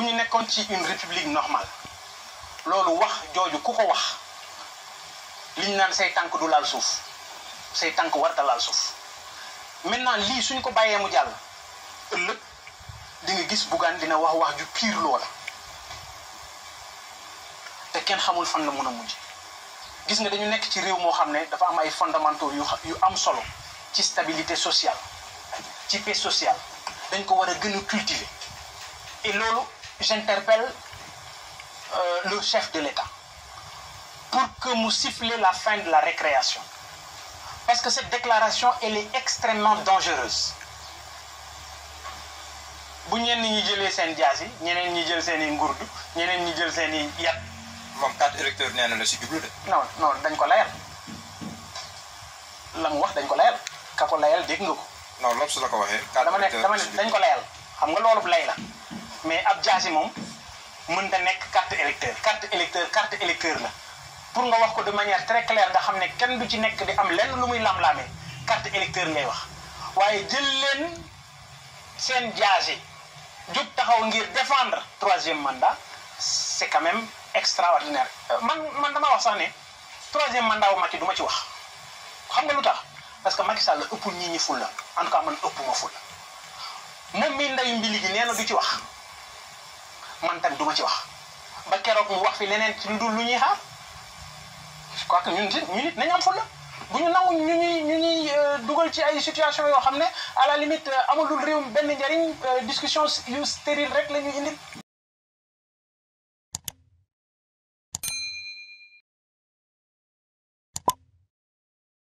bu ñu nekkoon ci une république normale loolu wax jooju ku ko wax liñ naan say tànk du laal suuf say tànk warta laal suuf maintenant lii suñ ko bàyyee mu jàll ëllëg di nga gis Bougane dina wax wax ju pire loola te kenn xamul fan la mën a mujj gis nga dañu nekk ci réew moo xam ne dafa am ay fondamentaux yu yu am solo ci stabilité sociale ci paix sociale dañ ko war a gën a cultiver et loolu j'interpelle euh, le chef de l'État pour que nous siffler la fin de la récréation. Parce que cette déclaration, elle est extrêmement dangereuse. bu ñenn ñi jëlee seen jaas yi ñeneen ñi jël seen i ngurdu ñeneen ñi jël seen i yat. moom carte électeur nee na la si jublu de. non non dañ ko layal la mu wax dañ ko layal ka ko layal dégg nga ko. non lobs la ko waxee. dama ne dama nekk dañ ko layal xam nga loolu bu lay la. mais ab jaasi moom mën da nekk carte électeur carte électeur carte électeur la pour nga wax ko de manière très claire nga xam ne kenn du ci nekk di am lenn lu muy lam-laamee carte électeur ngay wax waaye jël leen seen jaasi jóg taxaw ngir défendre troisième mandat c'est quand même extraordinaire euh, man man dama wax sax ne troisième mandat wu Macky duma ci wax xam nga lu tax parce que Macky Sall ëpp ñii ñi ful la en tout cas man ëpp ma ful moom mi nday mbili gi nee na du ci wax man tamit du ci wax ba keroog mu wax fi leneen ci lu dul lu ñuy xaar je crois que ñun it ñun it nañu ñu nangu ñu ñuy ñu ñuy euh, dugal ci ay situation yoo xam ne à la limite euh, amulul réew benn njariñ euh, discussion yu stérile rek la ñuy indi.